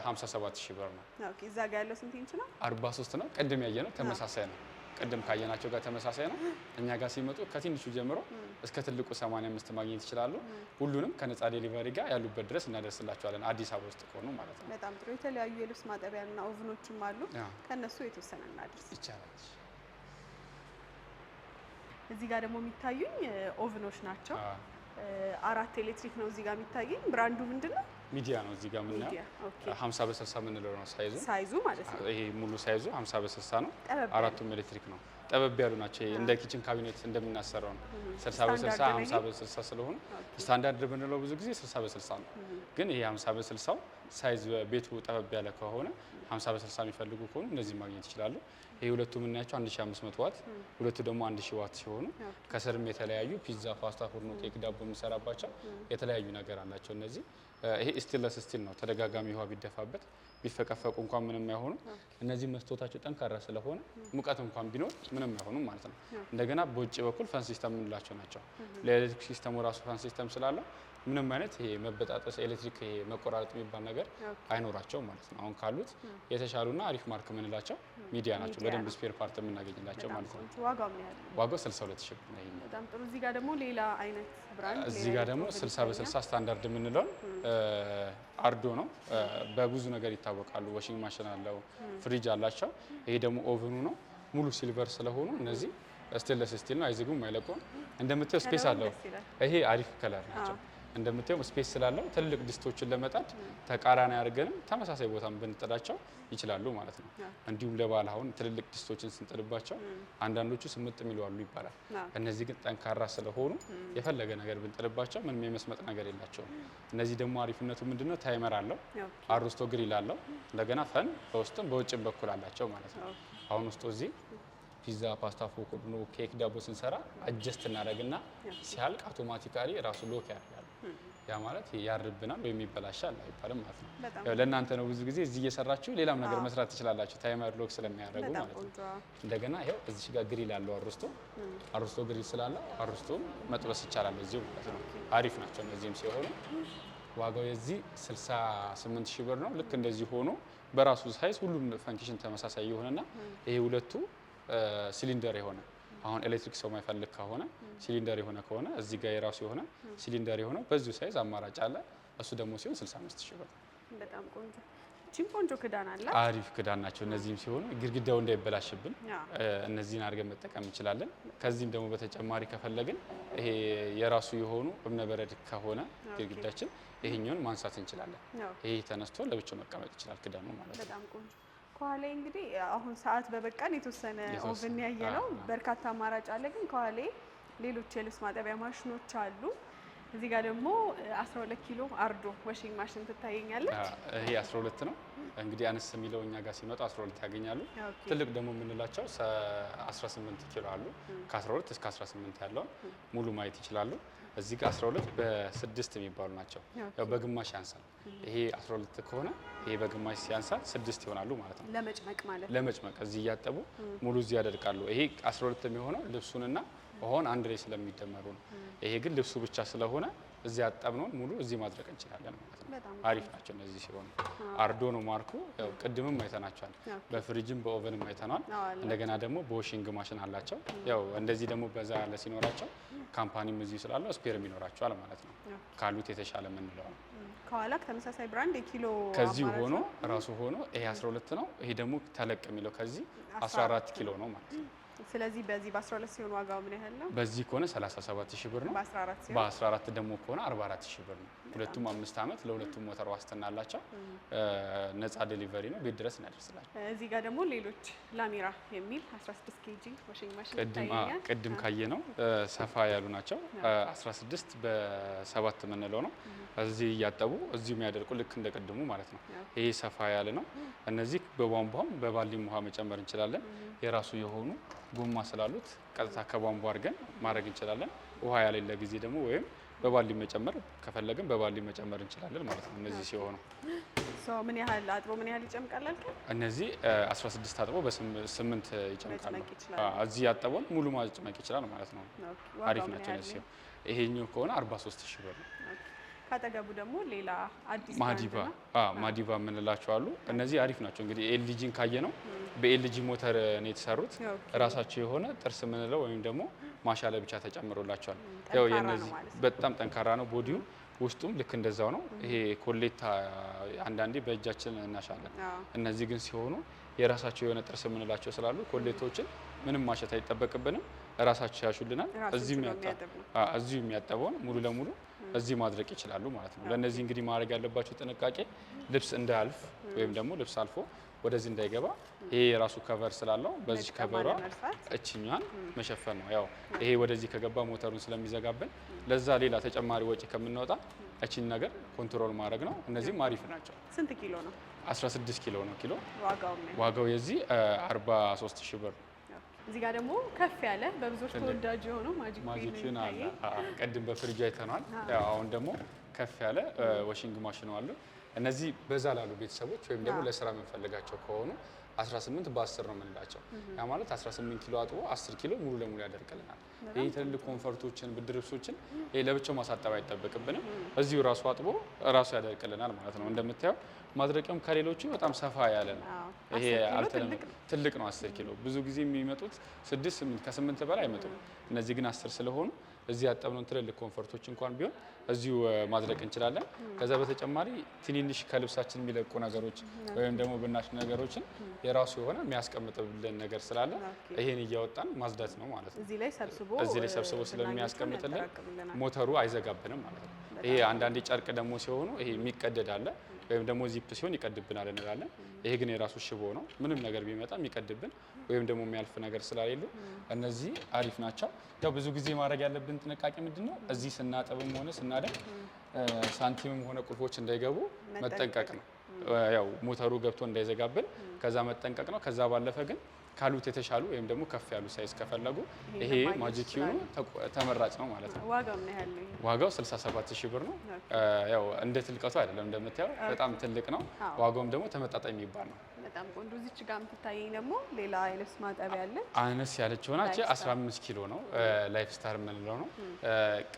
57 ሺህ ብር ነው። ኦኬ እዛ ጋር ያለው ስንት ኢንች ነው? 43 ነው። ቅድም ያየነው ተመሳሳይ ነው። ቅድም ካየናቸው ጋር ተመሳሳይ ነው። እኛ ጋር ሲመጡ ከትንሹ ጀምሮ እስከ ትልቁ 85 ማግኘት ይችላሉ። ሁሉንም ከነፃ ዴሊቨሪ ጋር ያሉበት ድረስ እናደርስላቸዋለን። አዲስ አበባ ውስጥ ከሆኑ ማለት ነው። በጣም ጥሩ። የተለያዩ የልብስ ማጠቢያና ኦቭኖችም አሉ። ከእነሱ የተወሰነ እናደርስ ይቻላል። እዚህ ጋር ደግሞ የሚታዩኝ ኦቭኖች ናቸው። አራት ኤሌክትሪክ ነው እዚህ ጋር የሚታዩኝ። ብራንዱ ምንድን ነው? ሚዲያ ነው እዚህ ጋር የምናየው። ሀምሳ በስልሳ የምንለው ነው ሳይዙ ሳይዙ ማለት ነው። ይሄ ሙሉ ሳይዙ ሀምሳ በስልሳ ነው። አራቱም ኤሌክትሪክ ነው። ጠበብ ያሉ ናቸው። እንደ ኪችን ካቢኔት እንደምናሰራው ነው። ስልሳ በስልሳ ሀምሳ በስልሳ ስለሆኑ ስታንዳርድ የምንለው ብዙ ጊዜ ስልሳ በስልሳ ነው። ግን ይሄ ሀምሳ በስልሳው ሳይዝ ቤቱ ጠበብ ያለ ከሆነ 50 በ60 የሚፈልጉ ከሆኑ እነዚህ ማግኘት ይችላሉ። ይሄ ሁለቱ የምናያቸው 1500 ዋት፣ ሁለቱ ደግሞ 1000 ዋት ሲሆኑ ከስርም የተለያዩ ፒዛ፣ ፓስታ፣ ፉርኖ፣ ኬክ፣ ዳቦ የምንሰራባቸው የተለያዩ ነገር አላቸው። እነዚህ ይሄ ስቲንለስ ስቲል ነው። ተደጋጋሚ ውሃ ቢደፋበት ቢፈቀፈቁ እንኳን ምንም አይሆኑም። እነዚህ መስቶታቸው ጠንካራ ስለሆነ ሙቀት እንኳን ቢኖር ምንም አይሆኑም ማለት ነው። እንደገና በውጭ በኩል ፈን ሲስተም የምንላቸው ናቸው። ለኤሌክትሪክ ሲስተሙ ራሱ ፈን ሲስተም ስላለው ምንም አይነት ይሄ መበጣጠስ፣ ኤሌክትሪክ ይሄ መቆራረጥ የሚባል ነገር አይኖራቸውም ማለት ነው። አሁን ካሉት የተሻሉና አሪፍ ማርክ የምንላቸው ሚዲያ ናቸው። በደንብ ስፔር ፓርት የምናገኝላቸው ማለት ነው። ዋጋው 62 ሺህ ብር ነው። በጣም ጥሩ። እዚህ ጋር ደግሞ ሌላ አይነት ብራንድ እዚህ ጋር ደግሞ 60 በ60 ስታንዳርድ የምንለውን አርዶ ነው። በብዙ ነገር ይታወቃሉ። ዋሽንግ ማሽን አለው፣ ፍሪጅ አላቸው። ይሄ ደግሞ ኦቨኑ ነው። ሙሉ ሲልቨር ስለሆኑ እነዚህ ስቴንለስ ስቲል ነው። አይዝጉም፣ አይለቁም። እንደምታየው ስፔስ አለው። ይሄ አሪፍ ከለር ናቸው። እንደምታየው ስፔስ ስላለው ትልልቅ ድስቶችን ለመጣድ ተቃራኒ አድርገንም ተመሳሳይ ቦታም ብንጥዳቸው ይችላሉ ማለት ነው። እንዲሁም ለባል አሁን ትልልቅ ድስቶችን ስንጥልባቸው አንዳንዶቹ ስምጥ የሚሉ አሉ ይባላል። እነዚህ ግን ጠንካራ ስለሆኑ የፈለገ ነገር ብንጥልባቸው ምንም የመስመጥ ነገር የላቸውም። እነዚህ ደግሞ አሪፍነቱ ምንድነው? ታይመር አለው አሮስቶ ግሪል አለው እንደገና ፈን በውስጥም በውጭም በኩል አላቸው ማለት ነው። አሁን ውስጡ እዚህ ፒዛ፣ ፓስታ፣ ፎርኖ፣ ኬክ፣ ዳቦ ስንሰራ አጀስት እናደርግና ሲያልቅ አውቶማቲካሊ ራሱ ሎክ ያደርጋል። ያ ማለት ያርብናል ወይም ይበላሻል አይባልም ማለት ነው። ለእናንተ ነው ብዙ ጊዜ እዚህ እየሰራችሁ ሌላም ነገር መስራት ትችላላችሁ። ታይመር ሎክ ስለሚያደርጉ ማለት ነው። እንደገና ይኸው እዚህ ጋር ግሪል አለው አሮስቶ አሮስቶ ግሪል ስላለ አሮስቶ መጥበስ ይቻላል እዚሁ ማለት ነው። አሪፍ ናቸው እነዚህም ሲሆኑ ዋጋው የዚህ 68 ሺህ ብር ነው። ልክ እንደዚህ ሆኖ በራሱ ሳይዝ ሁሉም ፈንክሽን ተመሳሳይ የሆነና ይሄ ሁለቱ ሲሊንደር የሆነ አሁን ኤሌክትሪክ ሰው ማይፈልግ ከሆነ ሲሊንደር የሆነ ከሆነ እዚህ ጋር የራሱ የሆነ ሲሊንደር የሆነ በዚሁ ሳይዝ አማራጭ አለ። እሱ ደግሞ ሲሆን 65 ሺህ ብር። በጣም ቆንጆ እቺም ቆንጆ ክዳን አለ። አሪፍ ክዳን ናቸው። እነዚህም ሲሆኑ ግድግዳው እንዳይበላሽብን እነዚህን አድርገን መጠቀም እንችላለን። ከዚህም ደግሞ በተጨማሪ ከፈለግን ይሄ የራሱ የሆኑ እብነበረድ ከሆነ ግድግዳችን ይሄኛውን ማንሳት እንችላለን። ይሄ ተነስቶ ለብቻው መቀመጥ ይችላል ክዳኑ ማለት ነው። ከኋላ እንግዲህ አሁን ሰዓት በበቃን የተወሰነ ኦቭን ያየ ነው። በርካታ አማራጭ አለ፣ ግን ከኋላ ሌሎች የልብስ ማጠቢያ ማሽኖች አሉ። እዚህ ጋር ደግሞ 12 ኪሎ አርዶ ወሽንግ ማሽን ትታየኛለች። ይሄ 12 ነው እንግዲህ አነስ የሚለው እኛ ጋር ሲመጡ 12 ያገኛሉ። ትልቅ ደግሞ የምንላቸው 18 ኪሎ አሉ። ከ12 እስከ 18 ያለውን ሙሉ ማየት ይችላሉ። እዚህ ጋር 12 በስድስት የሚባሉ ናቸው። ያው በግማሽ ያንሳል። ይሄ 12 ከሆነ ይሄ በግማሽ ያንሳል፣ ስድስት ይሆናሉ ማለት ነው። ለመጭመቅ ማለት ለመጭመቅ እዚህ እያጠቡ ሙሉ እዚህ ያደርቃሉ። ይሄ 12 የሚሆነው ልብሱንና ውሃውን አንድ ላይ ስለሚደመሩ ነው። ይሄ ግን ልብሱ ብቻ ስለሆነ እዚህ ያጠብነውን ሙሉ እዚህ ማድረቅ እንችላለን ማለት ነው። አሪፍ ናቸው እነዚህ ሲሆኑ፣ አርዶ ነው ማርኩ። ቅድምም አይተናቸዋል፣ በፍሪጅም በኦቨንም አይተናል። እንደገና ደግሞ በወሽንግ ማሽን አላቸው። ያው እንደዚህ ደግሞ በዛ ያለ ሲኖራቸው ካምፓኒም እዚህ ስላለው ስፔርም ይኖራቸዋል ማለት ነው። ካሉት የተሻለ የምንለው ነው። ከኋላ ተመሳሳይ ብራንድ የኪሎ ከዚህ ሆኖ ራሱ ሆኖ ይሄ 12 ነው። ይሄ ደግሞ ተለቅ የሚለው ከዚህ 14 ኪሎ ነው ማለት ነው። ስለዚህ በዚህ በ12 ሲሆን ዋጋው ምን ያህል ነው? በዚህ ከሆነ 37000 ብር ነው። በ14 ደግሞ ከሆነ 44000 ብር ነው። ሁለቱም አምስት ዓመት ለሁለቱም ሞተር ዋስትና አላቸው። ነፃ ዴሊቨሪ ነው፣ ቤት ድረስ እናደርስላቸው። እዚህ ጋር ደግሞ ሌሎች ላሜራ የሚል 16 ኬጂ ዋሽንግ ማሽን ቅድም ካየ ነው ሰፋ ያሉ ናቸው። 16 በሰባት የምንለው ነው። እዚህ እያጠቡ እዚሁ የሚያደርቁ ልክ እንደ ቅድሙ ማለት ነው። ይሄ ሰፋ ያለ ነው። እነዚህ በቧንቧም በባልዲም ውሃ መጨመር እንችላለን። የራሱ የሆኑ ጎማ ስላሉት ቀጥታ ከቧንቧ አድርገን ማድረግ እንችላለን። ውሃ ያሌለ ጊዜ ደግሞ ወይም በባሊ መጨመር ከፈለግን በባሊ መጨመር እንችላለን ማለት ነው። እነዚህ ሲሆኑ ምን ያህል አጥቦ ምን ያህል ይጨምቃል አልከኝ? እነዚህ 16 አጥቦ በ8 ይጨምቃሉ። እዚህ ያጠበውን ሙሉ ማጨመቅ ይችላል ማለት ነው። አሪፍ ናቸው እነዚህ። ይሄኛው ከሆነ 43 ሺህ ብር ነው። ካጠገቡ ደግሞ ሌላ አዲስ ማዲባ ማዲባ የምንላቸው አሉ። እነዚህ አሪፍ ናቸው። እንግዲህ ኤልጂን ካየ ነው በኤልጂ ሞተር ነው የተሰሩት። ራሳቸው የሆነ ጥርስ የምንለው ወይም ደግሞ ማሻ ብቻ ተጨምሮላቸዋል። ያው የነዚህ በጣም ጠንካራ ነው ቦዲው ውስጡም ልክ እንደዛው ነው። ይሄ ኮሌታ አንዳንዴ በእጃችን እናሻለን። እነዚህ ግን ሲሆኑ የራሳቸው የሆነ ጥርስ የምንላቸው ስላሉ ኮሌቶችን ምንም ማሸት አይጠበቅብንም። ራሳቸው ያሹልናል። እዚሁ የሚያጠበውን ሙሉ ለሙሉ እዚህ ማድረቅ ይችላሉ ማለት ነው። ለእነዚህ እንግዲህ ማድረግ ያለባቸው ጥንቃቄ ልብስ እንዳያልፍ ወይም ደግሞ ልብስ አልፎ ወደዚህ እንዳይገባ ይሄ የራሱ ከቨር ስላለው በዚህ ከቨሯ እችኛን መሸፈን ነው። ያው ይሄ ወደዚህ ከገባ ሞተሩን ስለሚዘጋብን ለዛ ሌላ ተጨማሪ ወጪ ከምናወጣ እችን ነገር ኮንትሮል ማድረግ ነው። እነዚህም አሪፍ ናቸው። ስንት ኪሎ ነው? 16 ኪሎ ነው። ኪሎ ዋጋው የዚህ 43 ሺ ብር። እዚህ ጋር ደግሞ ከፍ ያለ በብዙዎች ተወዳጅ የሆነው ማጂክ ፒን አለ። ቅድም በፍሪጅ አይተናል። አሁን ደግሞ ከፍ ያለ ዋሽንግ ማሽን አለው። እነዚህ በዛ ላሉ ቤተሰቦች ወይም ደግሞ ለስራ የምንፈልጋቸው ከሆኑ 18 በ10 ነው የምንላቸው። ያ ማለት 18 ኪሎ አጥቦ 10 ኪሎ ሙሉ ለሙሉ ያደርቅልናል። ይህ ትልልቅ ኮንፈርቶችን፣ ብርድ ልብሶችን ለብቻው ማሳጠብ አይጠበቅብንም። እዚሁ ራሱ አጥቦ ራሱ ያደርቅልናል ማለት ነው። እንደምታየው ማድረቂያውም ከሌሎቹ በጣም ሰፋ ያለ ነው። ይሄ ትልቅ ነው። አስር ኪሎ ብዙ ጊዜ የሚመጡት ስድስት ስምንት ከስምንት በላይ አይመጡም። እነዚህ ግን አስር ስለሆኑ እዚህ ያጠብነውን ትልልቅ ኮንፈርቶች እንኳን ቢሆን እዚሁ ማድረቅ እንችላለን። ከዛ በተጨማሪ ትንንሽ ከልብሳችን የሚለቁ ነገሮች ወይም ደግሞ ብናሽ ነገሮችን የራሱ የሆነ የሚያስቀምጥልን ነገር ስላለ ይሄን እያወጣን ማጽዳት ነው ማለት ነው። እዚህ ላይ ሰብስቦ ስለሚያስቀምጥልን ሞተሩ አይዘጋብንም ማለት ነው። ይሄ አንዳንዴ ጨርቅ ደግሞ ሲሆኑ ይሄ የሚቀደድ አለ ወይም ደግሞ ዚፕ ሲሆን ይቀድብናል እንላለን። ይሄ ግን የራሱ ሽቦ ነው። ምንም ነገር ቢመጣም ይቀድብን ወይም ደግሞ የሚያልፍ ነገር ስላሌለ እነዚህ አሪፍ ናቸው። ያው ብዙ ጊዜ ማድረግ ያለብን ጥንቃቄ ምንድን ነው? እዚህ ስናጠብም ሆነ ስናደም ሳንቲምም ሆነ ቁልፎች እንዳይገቡ መጠንቀቅ ነው። ያው ሞተሩ ገብቶ እንዳይዘጋብን ከዛ መጠንቀቅ ነው። ከዛ ባለፈ ግን ካሉት የተሻሉ ወይም ደግሞ ከፍ ያሉ ሳይዝ ከፈለጉ ይሄ ማጂክ ኪዩ ተመራጭ ነው ማለት ነው። ዋጋው 67 ሺህ ብር ነው። ያው እንደ ትልቀቱ አይደለም እንደምታየው በጣም ትልቅ ነው። ዋጋውም ደግሞ ተመጣጣኝ የሚባል ነው። በጣም ቆንጆ። እዚች ጋር የምትታየኝ ደግሞ ሌላ የልብስ ማጠቢያ አለ። አነስ ያለች ሆናች 15 ኪሎ ነው። ላይፍ ስታር የምንለው ነው።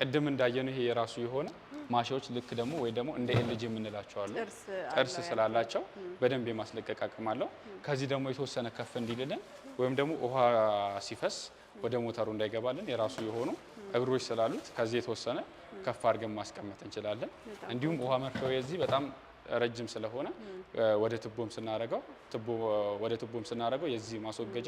ቅድም እንዳየነው ይሄ የራሱ የሆነ ማሻዎች ልክ ደግሞ ወይ ደግሞ እንደ ኤልጂ የምንላቸው አሉ። ጥርስ ስላላቸው በደንብ የማስለቀቅ አቅም አለው። ከዚህ ደግሞ የተወሰነ ከፍ እንዲልልን ወይም ደግሞ ውሃ ሲፈስ ወደ ሞተሩ እንዳይገባልን የራሱ የሆኑ እግሮች ስላሉት ከዚህ የተወሰነ ከፍ አድርገን ማስቀመጥ እንችላለን። እንዲሁም ውሃ መርከው የዚህ በጣም ረጅም ስለሆነ ወደ ቱቦም ስናረገው ቱቦ ወደ ቱቦም ስናረገው የዚህ ማስወገጃ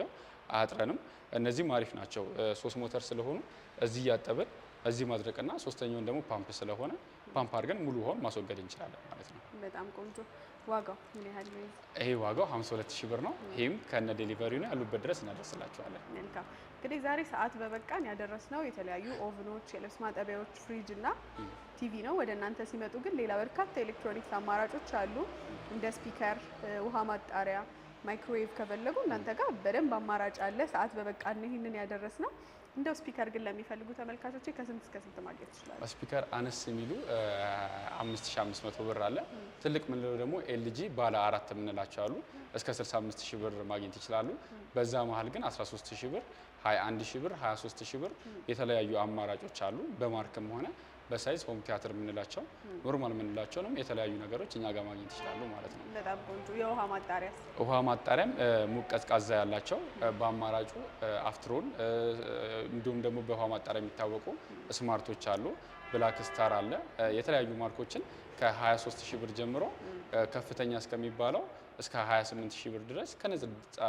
አያጥረንም። እነዚህም አሪፍ ናቸው። ሶስት ሞተር ስለሆኑ እዚህ እያጠብን እዚህ ማድረቅና ሶስተኛውን ደግሞ ፓምፕ ስለሆነ ፓምፕ አድርገን ሙሉ ውሃውን ማስወገድ እንችላለን ማለት ነው። በጣም ቆንጆ ዋጋው ምን ያህል ነው? ይሄ ዋጋው 52 ሺህ ብር ነው። ይህም ከነ ዴሊቨሪ ነው ያሉበት ድረስ እናደርስላቸዋለን። መልካም እንግዲህ ዛሬ ሰዓት በበቃን ያደረስነው የተለያዩ ኦቭኖች፣ የልብስ ማጠቢያዎች፣ ፍሪጅ እና ቲቪ ነው። ወደ እናንተ ሲመጡ ግን ሌላ በርካታ ኤሌክትሮኒክስ አማራጮች አሉ እንደ ስፒከር፣ ውሃ ማጣሪያ ማይክሮዌቭ ከፈለጉ እናንተ ጋር በደንብ አማራጭ አለ። ሰዓት በበቃን ይህንን ያደረስ ነው። እንደው ስፒከር ግን ለሚፈልጉ ተመልካቾች ከስንት እስከ ስንት ማግኘት ይችላል? ስፒከር አነስ የሚሉ 5500 ብር አለ። ትልቅ ምንለው ደግሞ ኤልጂ ባለ አራት የምንላቸው አሉ። እስከ 65000 ብር ማግኘት ይችላሉ። በዛ መሀል ግን 13000 ብር፣ 21000 ብር፣ 23000 ብር የተለያዩ አማራጮች አሉ በማርክም ሆነ በሳይዝ ሆም ቲያትር የምንላቸው ኖርማል የምንላቸውንም የተለያዩ ነገሮች እኛ ጋር ማግኘት ይችላሉ ማለት ነው። በጣም ቆንጆ። የውሃ ማጣሪያ ውሃ ማጣሪያም ሙቅ ቀዝቃዛ ያላቸው በአማራጩ አፍትሮን እንዲሁም ደግሞ በውሃ ማጣሪያ የሚታወቁ ስማርቶች አሉ። ብላክ ስታር አለ። የተለያዩ ማርኮችን ከ23 ሺህ ብር ጀምሮ ከፍተኛ እስከሚባለው እስከ 28 ሺህ ብር ድረስ ከነጻ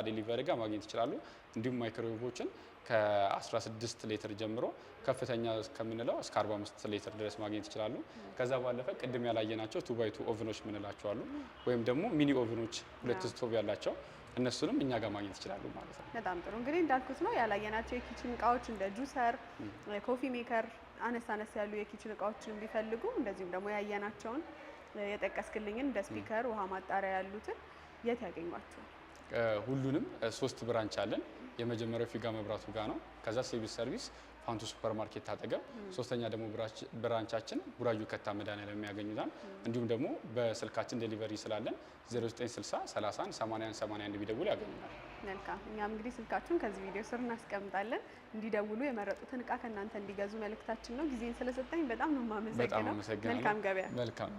ዴሊቨሪ ጋር ማግኘት ይችላሉ። እንዲሁም ማይክሮዌቮችን ከ16 ሌትር ጀምሮ ከፍተኛ እስከምንለው እስከ 45 ሊትር ድረስ ማግኘት ይችላሉ። ከዛ ባለፈ ቅድም ያላየናቸው ቱ ባይ ኦቭኖች የምንላቸው አሉ፣ ወይም ደግሞ ሚኒ ኦቭኖች ሁለት ስቶቭ ያላቸው እነሱንም እኛ ጋር ማግኘት ይችላሉ ማለት ነው። በጣም ጥሩ እንግዲህ እንዳልኩት ነው ያላየናቸው የኪችን እቃዎች እንደ ጁሰር፣ ኮፊ ሜከር አነስ አነስ ያሉ የኪችን እቃዎችን ቢፈልጉ እንደዚሁም ደግሞ ያየናቸውን የጠቀስክልኝን እንደ ስፒከር፣ ውሃ ማጣሪያ ያሉትን የት ያገኟቸዋል? ሁሉንም ሶስት ብራንች አለን። የመጀመሪያው ፊጋ መብራቱ ጋር ነው። ከዛ ሲቪል ሰርቪስ ፋንቱ ሱፐር ማርኬት አጠገብ፣ ሶስተኛ ደግሞ ብራንቻችን ቡራዩ ከታ መድኃኒዓለም የሚያገኙታል። እንዲሁም ደግሞ በስልካችን ዴሊቨሪ ስላለን 0960 31 81 81 ቢደውሉ ያገኙናል። መልካም። እኛም እንግዲህ ስልካችሁን ከዚህ ቪዲዮ ስር እናስቀምጣለን። እንዲደውሉ የመረጡትን እቃ ከእናንተ እንዲገዙ መልእክታችን ነው። ጊዜን ስለሰጠኝ በጣም ነው የማመሰግነው። መልካም ገበያ። መልካም